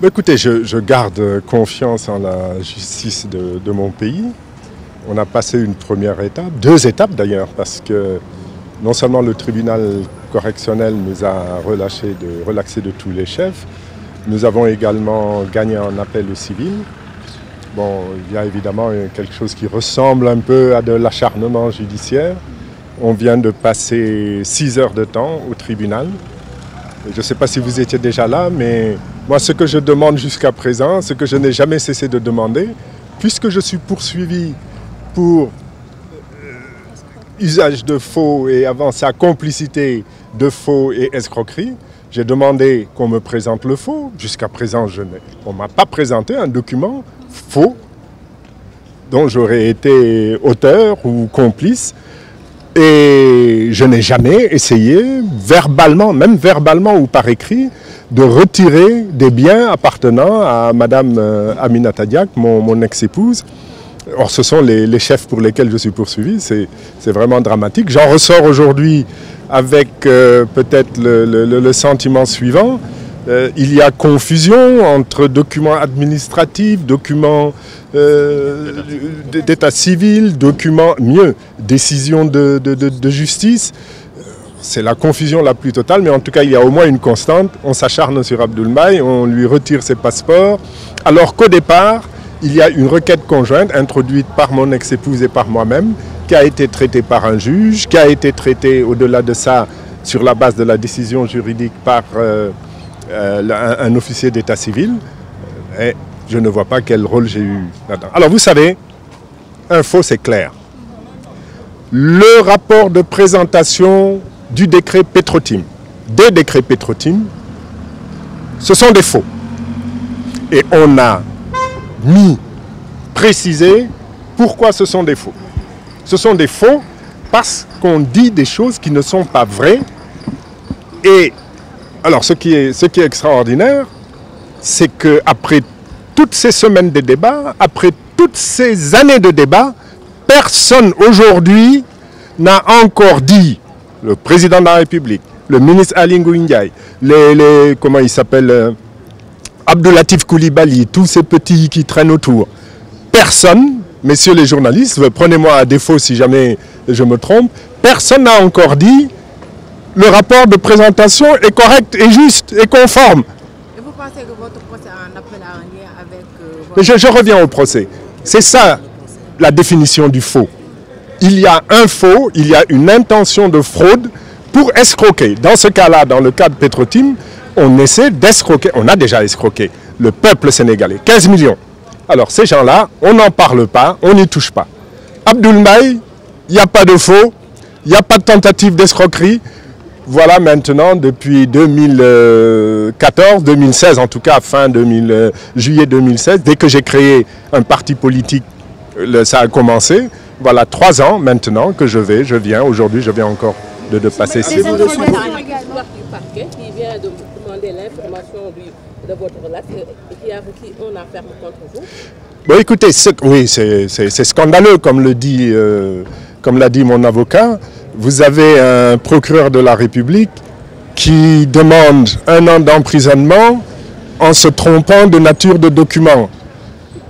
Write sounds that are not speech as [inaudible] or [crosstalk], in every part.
bah, Écoutez, je, je, garde confiance en la justice de, de mon pays. On a passé une première étape, deux étapes d'ailleurs, parce que non seulement le tribunal correctionnel nous a relâché de, relaxé tous les chefs, nous avons également gagné en appel au civil. Bon, il y a évidemment quelque chose qui ressemble un peu à l'acharnement judiciaire. On vient de passer six heures de temps au tribunal. Je ne sais pas si vous étiez déjà là, Moi, ce que je demande jusqu'à présent, ce que je n'ai jamais cessé de demander, puisque je suis poursuivi pour euh, usage de faux et avant ça complicité de faux et escroquerie, j'ai demandé qu'on me présente le faux. Jusqu'à présent, on ne m'a pas présenté un document faux dont j'aurais été auteur ou complice. Et je n'ai jamais essayé, verbalement, même verbalement ou par écrit, de retirer des biens appartenant à Madame euh, Aminata Diak, mon, mon ex-épouse. Or, ce sont les, les, chefs pour lesquels je suis poursuivi. C'est vraiment dramatique. J'en ressors aujourd'hui avec euh, peut-être le, le, le, sentiment suivant. Euh, il y a confusion entre documents administratifs, documents euh, d'état civil, documents, mieux, décisions de, de, de, de justice. c'est la confusion la plus totale, mais en tout cas, il y a au moins une constante. On s'acharne sur Abdoulmaï, on lui retire ses passeports, alors qu'au départ, il y a une requête conjointe introduite par mon ex-épouse et par moi-même, qui a été traitée par un juge, qui a été traitée au-delà de ça sur la base de la décision juridique par euh, euh, un, un, officier d'état civil. Et je ne vois pas quel rôle j'ai eu là-dedans. Alors vous savez, info c'est clair. Le rapport de présentation du décret Petrotim, des décrets Petrotim, ce sont des faux. Et on a mis, précisé pourquoi ce sont des faux. Ce sont des faux parce qu'on dit des choses qui ne sont pas vraies. Et alors ce qui est, ce qui est extraordinaire, c'est qu'après toutes ces semaines de débats, après toutes ces années de débats, personne aujourd'hui n'a encore dit le président de la République, le ministre Alingou Ndiaye, les, les, comment il s'appelle, euh, Abdoulatif Koulibaly, tous ces petits qui traînent autour. Personne, messieurs les journalistes, prenez-moi à défaut si jamais je me trompe, personne n'a encore dit le rapport de présentation est correct et juste et conforme. Et vous euh, je, reviens au procès. C'est ça la définition du faux. il y a un faux, il y a une intention de fraude pour escroquer. Dans ce cas-là, dans le cas de Petrotim, on essaie d'escroquer, on a déjà escroqué le peuple sénégalais, 15 millions. Alors ces gens-là, on n'en parle pas, on n'y touche pas. Abdoulmaï, il n'y a pas de faux, il n'y a pas de tentative d'escroquerie. Voilà maintenant depuis 2014, 2016 en tout cas, fin 2000, euh, juillet 2016, dès que j'ai créé un parti politique, euh, ça a commencé. voilà trois ans maintenant que je vais, je viens. Aujourd'hui, je viens encore de, de passer ces... de votre relax, qui a, qui on a ferme contre vous. Bon, écoutez, c'est, oui, c'est, c'est, c'est scandaleux, comme le dit, euh, comme l'a dit mon avocat. Vous avez un procureur de la République qui demande un an d'emprisonnement en se trompant de nature de document.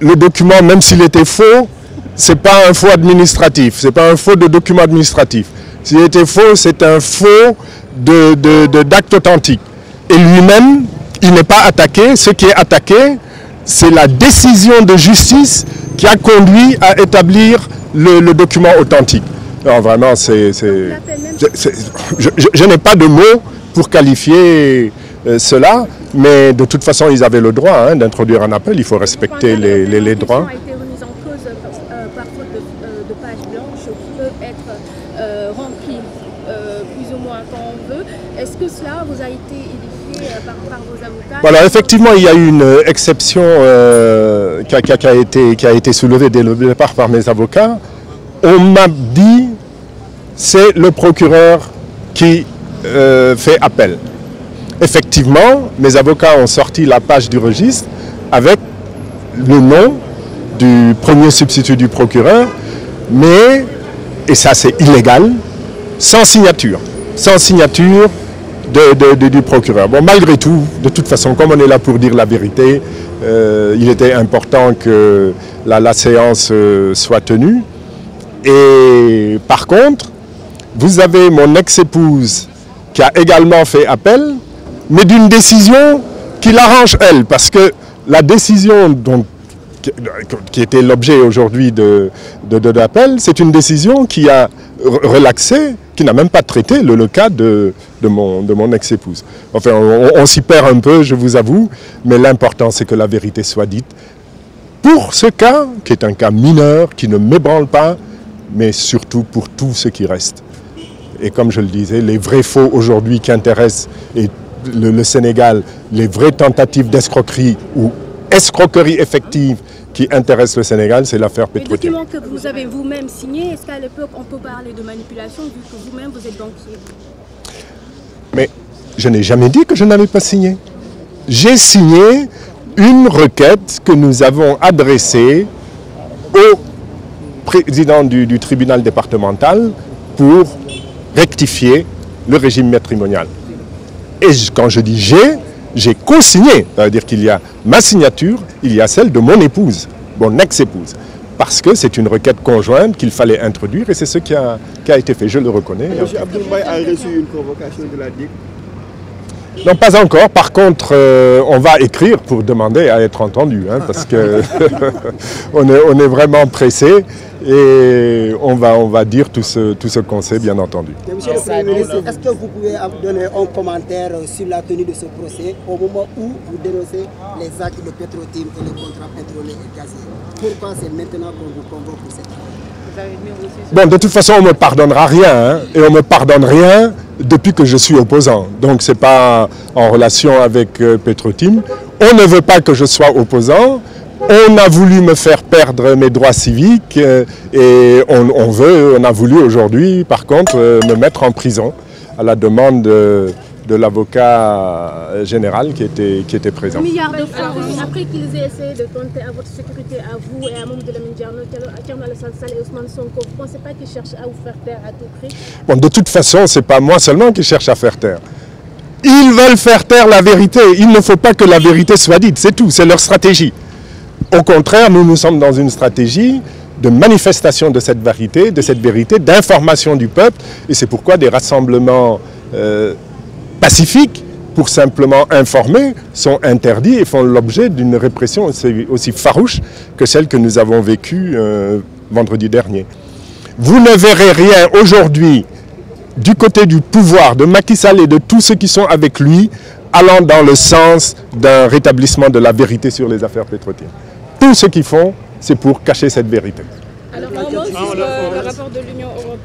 Le document, même s'il était faux, c'est pas un faux administratif, c'est pas un faux de document administratif. S'il était faux, c'est un faux de, de, de, d'acte authentique. Et lui-même, il n'est pas attaqué. Ce qui est attaqué, c'est la décision de justice qui a conduit à établir le, le document authentique. Non, vraiment, c'est... c'est, c'est je, je, je n'ai pas de mots pour qualifier euh, cela, mais de toute façon, ils avaient le droit hein, d'introduire un appel. Il faut respecter les, les, les droits. peuvent être euh, remplies euh, plus ou moins quand on veut. Est-ce que cela vous a été édifié euh, par, par vos avocats Voilà, effectivement, il y a une euh, exception euh, qui, a, qui, a, qui, a, été, qui a été soulevée dès le départ par mes avocats. On m'a dit c'est le procureur qui euh, fait appel. Effectivement, mes avocats ont sorti la page du registre avec le nom du premier substitut du procureur, mais et ça c'est illégal, sans signature, sans signature de, de, de, du procureur. Bon, malgré tout, de toute façon, comme on est là pour dire la vérité, euh, il était important que la, la séance euh, soit tenue. Et par contre, vous avez mon ex-épouse qui a également fait appel, mais d'une décision qui l'arrange elle, parce que la décision dont qui était l'objet aujourd'hui de, de, de l'appel, c'est une décision qui a relaxé, qui n'a même pas traité le, cas de, de mon, de mon ex-épouse. Enfin, on, on s'y perd un peu, je vous avoue, mais l'important c'est que la vérité soit dite. Pour ce cas, qui est un cas mineur, qui ne m'ébranle pas, mais surtout pour tout ce qui reste. Et comme je le disais, les vrais faux aujourd'hui qui intéressent et le Sénégal, les vraies tentatives d'escroquerie ou escroquerie effective qui intéresse le Sénégal, c'est l'affaire Petrotim. est-ce qu'à l'époque on peut parler de manipulation vu que vous-même vous Mais je n'ai jamais dit que je n'avais pas signé. J'ai signé une requête que nous avons adressée au président du tribunal départemental pour rectifier le régime matrimonial. Et quand je dis j'ai, j'ai co-signé, c'est-à-dire qu'il y a ma signature, il y a celle de mon épouse, mon ex-épouse, parce que c'est une requête conjointe qu'il fallait introduire et c'est ce qui a, qui a été fait, je le reconnais. Monsieur Abdoul a reçu une convocation de la DIC Non, pas encore. Par contre, euh, on va écrire pour demander à être entendu, hein, parce que [laughs] on, est, on, est, vraiment pressé et on va, on va dire tout ce, tout ce qu'on sait, bien entendu. Monsieur le Premier ministre, est-ce que vous pouvez donner un commentaire sur la tenue de ce procès au moment où vous dénoncez les actes de Petrotim et le contrat pétrolier et gazier Pourquoi c'est maintenant qu'on vous convoque pour cette Bon, de toute façon, on ne me pardonnera rien, hein, et on ne me pardonne rien depuis que je suis opposant. Donc ce n'est pas en relation avec euh, Petrotim. On ne veut pas que je sois opposant. On a voulu me faire perdre mes droits civiques euh, et on, on veut, on a voulu aujourd'hui, par contre, euh, me mettre en prison à la demande de l'avocat euh, général qui était, qui était présent. Milliards de de toute façon, ce n'est pas moi seulement qui cherche à faire taire. Ils veulent faire taire la vérité. Il ne faut pas que la vérité soit dite, c'est tout, c'est leur stratégie. Au contraire, nous, nous sommes dans une stratégie de manifestation de cette vérité, de cette vérité, d'information du peuple. Et c'est pourquoi des rassemblements... Euh, pacifiques pour simplement informer sont interdits et font l'objet d'une répression aussi, aussi, farouche que celle que nous avons vécue euh, vendredi dernier. Vous ne verrez rien aujourd'hui du côté du pouvoir de Macky Sall et de tous ceux qui sont avec lui allant dans le sens d'un rétablissement de la vérité sur les affaires pétrolières. Tout ce qu'ils font, c'est pour cacher cette vérité.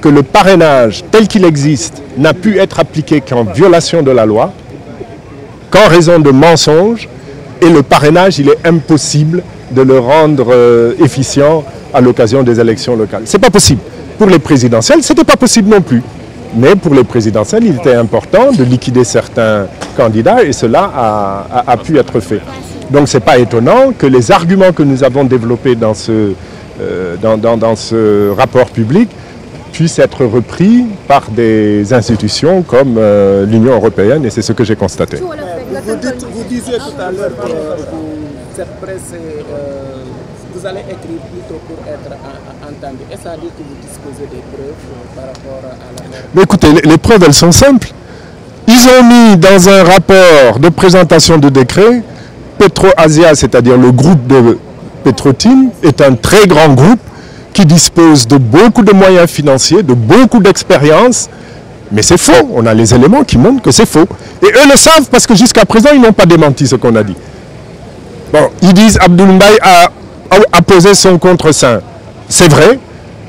que le parrainage tel qu'il existe n'a pu être appliqué qu'en violation de la loi, qu'en raison de mensonges, et le parrainage, il est impossible de le rendre euh, efficient à l'occasion des élections locales. C'est pas possible. Pour les présidentielles, c'était pas possible non plus. Mais pour les présidentielles, il était important de liquider certains candidats et cela a, a, a pu être fait. Donc c'est pas étonnant que les arguments que nous avons développés dans ce, euh, dans, dans, dans ce rapport public puisse être repris par des institutions comme euh, l'Union européenne, et c'est ce que j'ai constaté. Vous, dites, vous, disiez tout à l'heure euh, des preuves euh, par rapport de présentation de décret, PetroAsia, c'est-à-dire le groupe de Petrotine, est un très grand groupe qui dispose de beaucoup de moyens financiers, de beaucoup d'expérience. Mais c'est faux. On a les éléments qui montrent que c'est faux. Et eux le savent parce que jusqu'à présent, ils n'ont pas démenti ce qu'on a dit. Bon, ils disent Abdoul a, posé son contre-saint. C'est vrai.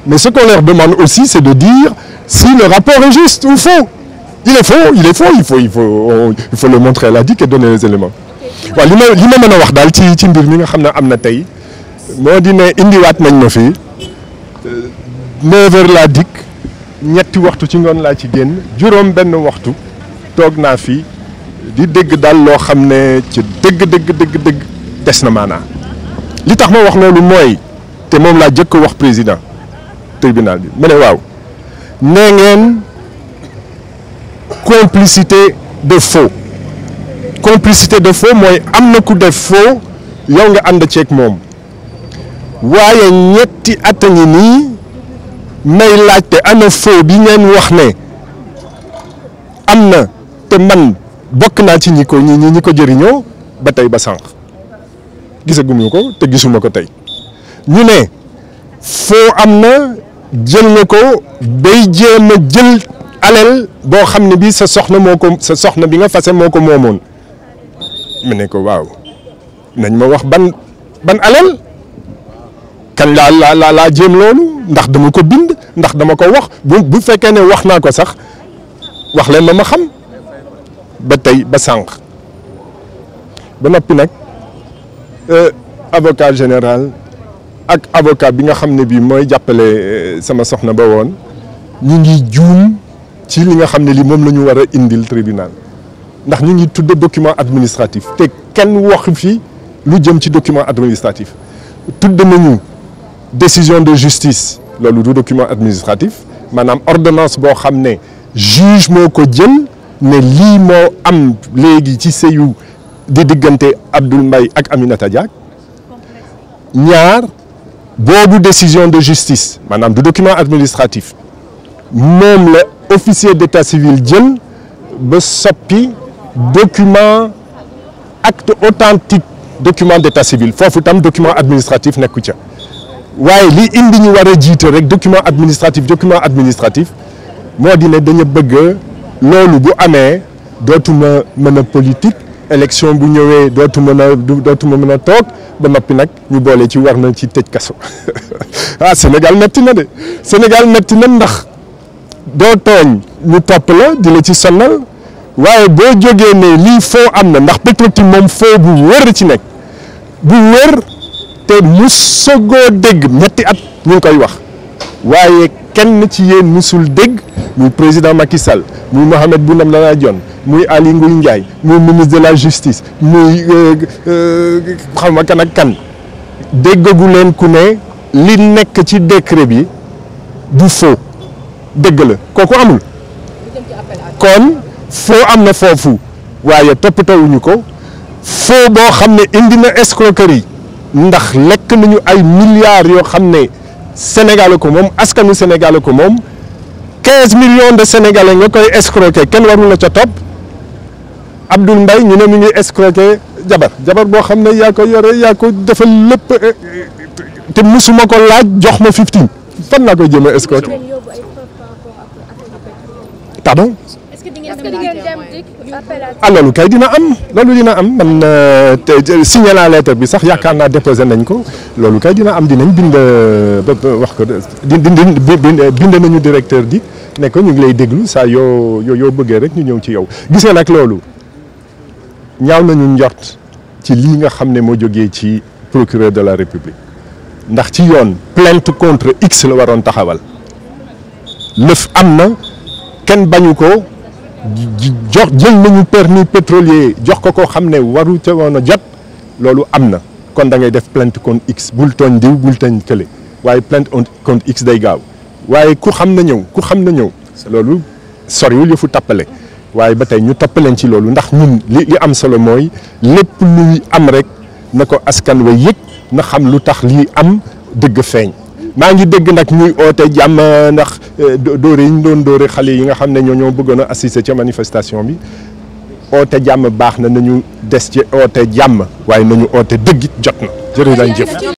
Mais ce qu'on leur demande aussi, c'est de dire si le rapport est juste ou faux. Il est faux, il est faux, il faut, le montrer à la DIC et donner les éléments. waaw li ma li ma mën a wax daal ci ci mbir mi nga xam ne am na tey moo di ne indiwaat nañ ma fii neuf heures laa dikk ñetti waxtu ci ngoon laa ci génn juróom benn waxtu toog naa fi di dégg daal loo xam ne ci dégg dëgg dëgg dëgg des na maanaa li tax ma wax loolu mooy te moom laa jëkk wax président tribunal bi ma waaw nee ngeen complicité de faux complicité de faux mooy am na ku def faux yow nga ànd ceeg moom waaye ñetti at nii may laajte ana faux bi ngeen wax ne am na te man bokk naa ci ñi ko ñi ñi ko jëriñoo ba tey ba sànq gisaguma ko te gisuma ko tey ñu ne foo am na jël nga ko bay jéem a jël alal boo xam ne bii sa soxna moo ko sa soxna bi nga fase moo ko moomoon mu ne ko waaw nañ ma wax ban ban alal kañ laa la laa laa jëm loolu ndax dama ko bind ndax dama ko wax bu bu fekkee ne wax naa ko sax wax leen ma ma xam ba tey ba sànq ba noppi nag euh, avocat général ak avocat bi nga xam ne bii mooy jàppale euh, sama soxna ba woon ñu ngi juum ci li nga xam ne lii moom la ñu war a indil tribunal ndax ñu ngi tudd document administratif te kenn wax fi lu jëm ci document administratif tudd nañu. décision de justice loolu du document administratif maanaam ordonnance boo xam ne juge moo ko jël ne lii moo am léegi ci sëyu di diggante Abdoul Mbaye ak Aminata Diak ñaar boobu décision de justice maanaam du document administratif moom la officier d'état civil jël ba soppi document acte authentique document d'état civil foofu tam document administratif nekku ca waaye li indi ñu war a jiite rek document administratif document administratif moo di ne dañu bëgg loolu bu amee dootuma mën a politique élection bu ñëwee dootu mën a dootuma mën a toog ba noppi nag ñu boole ci war na ci tëj kaso [laughs] ah Sénégal metti na de Sénégal metti na ndax doo tooñ ñu topp la di la ci sonnal waaye boo jógee ne lii foo am na ndax Petro-Tim moom foo bu wër ci nekk bu wër te musagoo dégg ñetti at ñu ngi koy wax waaye kenn ci yéen musul dégg muy président Macky Sall muy Mohamed Boun Abdallah jon muy Aly Ngouille Ndiaye muy ministre de la justice muy euh, euh, xam nga kan kan déggagu leen ku ne li nekk ci décret bi du faux dégg la kooku amul kon faux am na foofu waaye toppatawuñu ko faux boo xam ne indi na escroquerie ndax lekk nañu ay milliards yoo xam ne Sénégal ko moom askanu Sénégal ko moom 15 millions de sénégalais nga koy escroquer kenn warul la ca topp Abdoul Mbaye ñu ne mu ngi escroquer jabar jabar boo xam ne yaa ko yore yaa ko defal lépp te musuma ko laaj jox ma 15 fan laa koy jëmee escroquer pardon ah loolu kay dina am loolu dina am man euh, te signaler lettre bi sax yaakaar naa déposé nañ ko loolu kay dina am dinañ bind euh, wax ko bind nañu directeur di nekk ñu ngi lay déglu sax yoo yoo yoo bëggee rek ñu ñëw ci yow gisee nag loolu ñaaw nañu njort ci lii nga xam ne moo jógee ci procureur de la république ndax ci yoon plainte contre x la waroon taxawal lëf am na kenn bañu ko jox jël nañu permis pétrolier jox ko koo xam ne waru ca woon a jot loolu am na kon dangay def plainte contre x bul tooñ diw bul tooñ kële waaye plainte contre x day gaaw waaye ku xam na ñëw ku xam na ñëw loolu soriwul yëfu tappale waaye ba tey ñu tappaleen ci loolu ndax ñun li am solo mooy lépp luy am rek na ko askan wa yëg na xam lu tax lii am dëgg feeñ maa ngi dégg nag ñuy oote jàmm ndax eh, dóore yi ñu doon dóore xale yi nga xam ne ñoo ñoo bëggoon a assister ca manifestation bi oote jàmm baax na nañu des ci oote jàmm waaye nañu oote dëggit jot na jërë lañ jëf